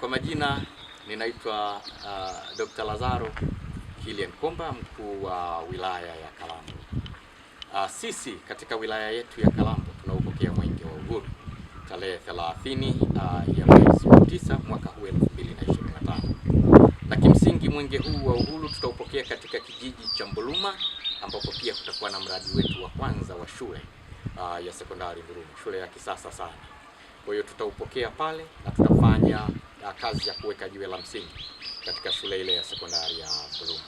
Kwa majina ninaitwa uh, Dr. Lazaro Kilian Komba, mkuu wa uh, wilaya ya Kalambo. Uh, sisi katika wilaya yetu ya Kalambo tunaupokea mwenge wa uhuru tarehe 30 uh, ya mwezi wa 9 mwaka huu 2025, na kimsingi mwenge huu wa uhuru tutaupokea katika kijiji cha Mbuluma ambapo pia kutakuwa na mradi wetu wa kwanza wa shule uh, ya sekondari Mbuluma, shule ya kisasa sana kwa hiyo tutaupokea pale na tutafanya uh, kazi ya kuweka jiwe la msingi katika shule ile ya sekondari ya Buluma.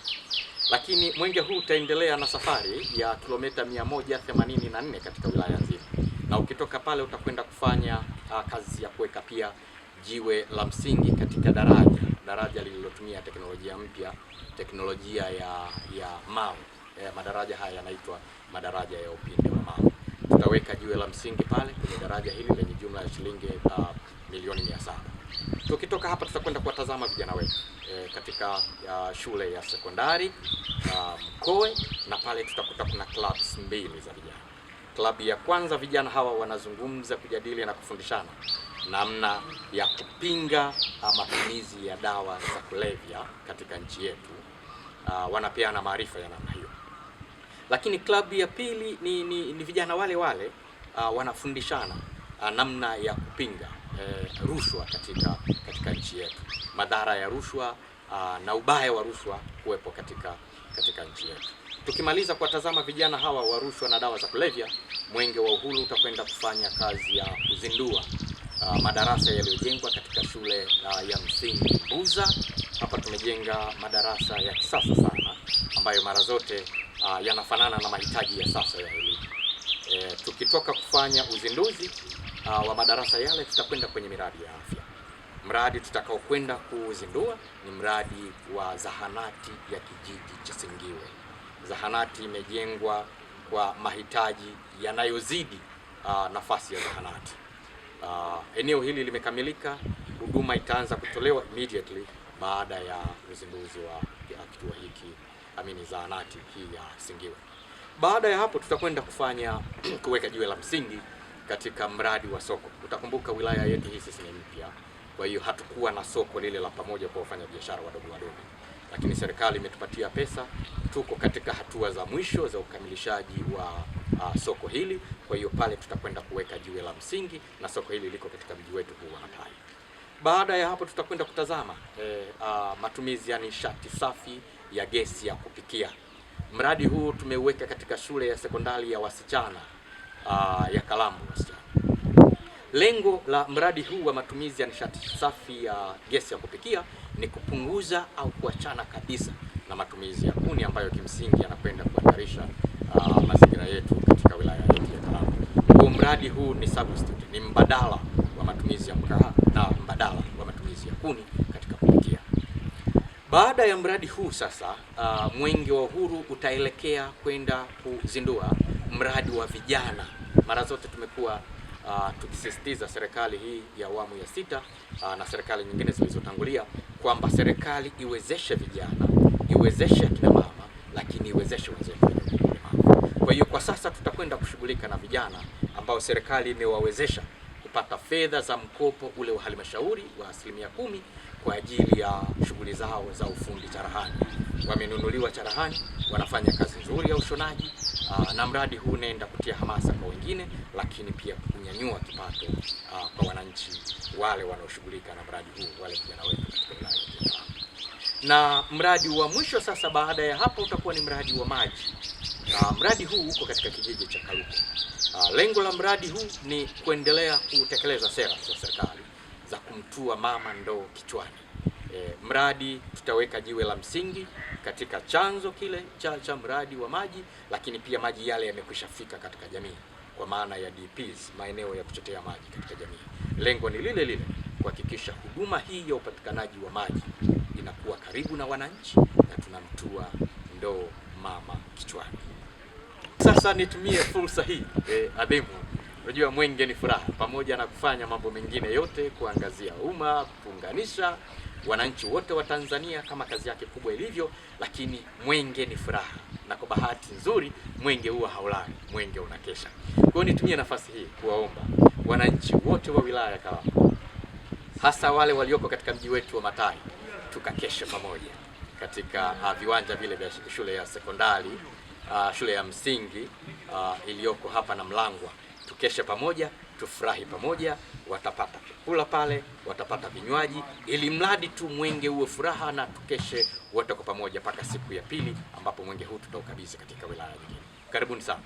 Lakini mwenge huu utaendelea na safari ya kilomita 184 katika wilaya nzima, na ukitoka pale utakwenda kufanya uh, kazi ya kuweka pia jiwe la msingi katika daraja daraja lililotumia teknolojia mpya, teknolojia ya ya mawe. Eh, madaraja haya yanaitwa madaraja ya upinde wa mawe tutaweka jiwe la msingi pale kwenye daraja hili lenye jumla ya shilingi uh, milioni mia saba. Tukitoka hapa tutakwenda kuwatazama vijana wetu e, katika uh, shule ya sekondari uh, Mkoe na pale tutakuta kuna clubs mbili za vijana. Klabu ya kwanza vijana hawa wanazungumza, kujadili na kufundishana namna ya kupinga ah, matumizi ya dawa za kulevya katika nchi yetu. Uh, wanapeana maarifa ya namna lakini klabu ya pili ni, ni, ni vijana wale wale uh, wanafundishana uh, namna ya kupinga uh, rushwa katika, katika nchi yetu, madhara ya rushwa uh, na ubaya wa rushwa kuwepo katika, katika nchi yetu. Tukimaliza kuwatazama vijana hawa wa rushwa na dawa za kulevya, Mwenge wa Uhuru utakwenda kufanya kazi ya kuzindua Uh, madarasa yaliyojengwa katika shule uh, ya msingi Buza. Hapa tumejenga madarasa ya kisasa sana ambayo mara zote uh, yanafanana na mahitaji ya sasa ya elimu. E, tukitoka kufanya uzinduzi uh, wa madarasa yale, tutakwenda kwenye miradi ya afya. Mradi tutakaokwenda kuzindua ni mradi wa zahanati ya kijiji cha singiwe Zahanati imejengwa kwa mahitaji yanayozidi uh, nafasi ya zahanati. Uh, eneo hili limekamilika, huduma itaanza kutolewa immediately baada ya uzinduzi wa kituo hiki amini zahanati hii ya Singiwe. Baada ya hapo tutakwenda kufanya kuweka jiwe la msingi katika mradi wa soko. Utakumbuka wilaya yetu hii sisi ni mpya, kwa hiyo hatukuwa na soko lile la pamoja kwa wafanyabiashara wadogo wadogo, lakini serikali imetupatia pesa. Tuko katika hatua za mwisho za ukamilishaji wa uh, soko hili. Kwa hiyo pale tutakwenda kuweka jiwe la msingi, na soko hili liko katika mji wetu huu wa Hatay. Baada ya hapo tutakwenda kutazama eh, uh, matumizi ya nishati safi ya gesi ya kupikia. Mradi huu tumeuweka katika shule ya sekondari ya wasichana uh, ya Kalambo wasichana. Lengo la mradi huu wa matumizi ya nishati safi ya gesi ya kupikia ni kupunguza au kuachana kabisa na matumizi ya kuni ambayo kimsingi yanakwenda kuhatarisha ah, mazingira yetu katika wilaya yetu ya Kalambo. Mradi huu ni substitute, ni mbadala wa matumizi ya mkaa na kampuni katika kuingia. Baada ya mradi huu sasa, uh, Mwenge wa Uhuru utaelekea kwenda kuzindua mradi wa vijana. Mara zote tumekuwa uh, tukisisitiza serikali hii ya awamu ya sita uh, na serikali nyingine zilizotangulia kwamba serikali iwezeshe vijana, iwezeshe kina mama, lakini iwezeshe wazee. Kwa hiyo kwa sasa tutakwenda kushughulika na vijana ambao serikali imewawezesha kupata fedha za mkopo ule wa halmashauri wa asilimia kumi kwa ajili ya shughuli zao za ufundi charahani. Wamenunuliwa charahani, wanafanya kazi nzuri ya ushonaji, na mradi huu unaenda kutia hamasa kwa wengine, lakini pia kunyanyua kipato kwa wananchi wale wanaoshughulika na mradi huu, wale vijana wetu katika wilaya ya na mradi wa mwisho sasa, baada ya hapo utakuwa ni mradi wa maji. Aa, mradi huu uko katika kijiji cha Kaluku. Ah, lengo la mradi huu ni kuendelea kutekeleza sera za serikali za kumtua mama ndoo kichwani. E, mradi tutaweka jiwe la msingi katika chanzo kile cha cha mradi wa maji, lakini pia maji yale yamekwishafika fika katika jamii kwa maana ya DPs, maeneo ya kuchotea maji katika jamii. Lengo ni lile lile, kuhakikisha huduma hii ya upatikanaji wa maji inakuwa karibu na wananchi na tunamtua ndoo mama kichwani. Sasa nitumie fursa hii e, adhimu. Unajua mwenge ni furaha, pamoja na kufanya mambo mengine yote, kuangazia umma, kuunganisha wananchi wote wa Tanzania kama kazi yake kubwa ilivyo, lakini mwenge ni furaha, na kwa bahati nzuri mwenge huwa haulali, mwenge unakesha. Kwa hiyo nitumie nafasi hii kuwaomba wananchi wote wa wilaya ya Kalambo, hasa wale walioko katika mji wetu wa Matai, tukakeshe pamoja katika ah, viwanja vile vya shule ya sekondari uh, shule ya msingi uh, iliyoko hapa na Mlangwa. Tukeshe pamoja, tufurahi pamoja, watapata chakula pale, watapata vinywaji, ili mradi tu mwenge uwe furaha na tukeshe wote kwa pamoja mpaka siku ya pili ambapo mwenge huu tutaukabidhi katika wilaya nyingine. Karibuni sana.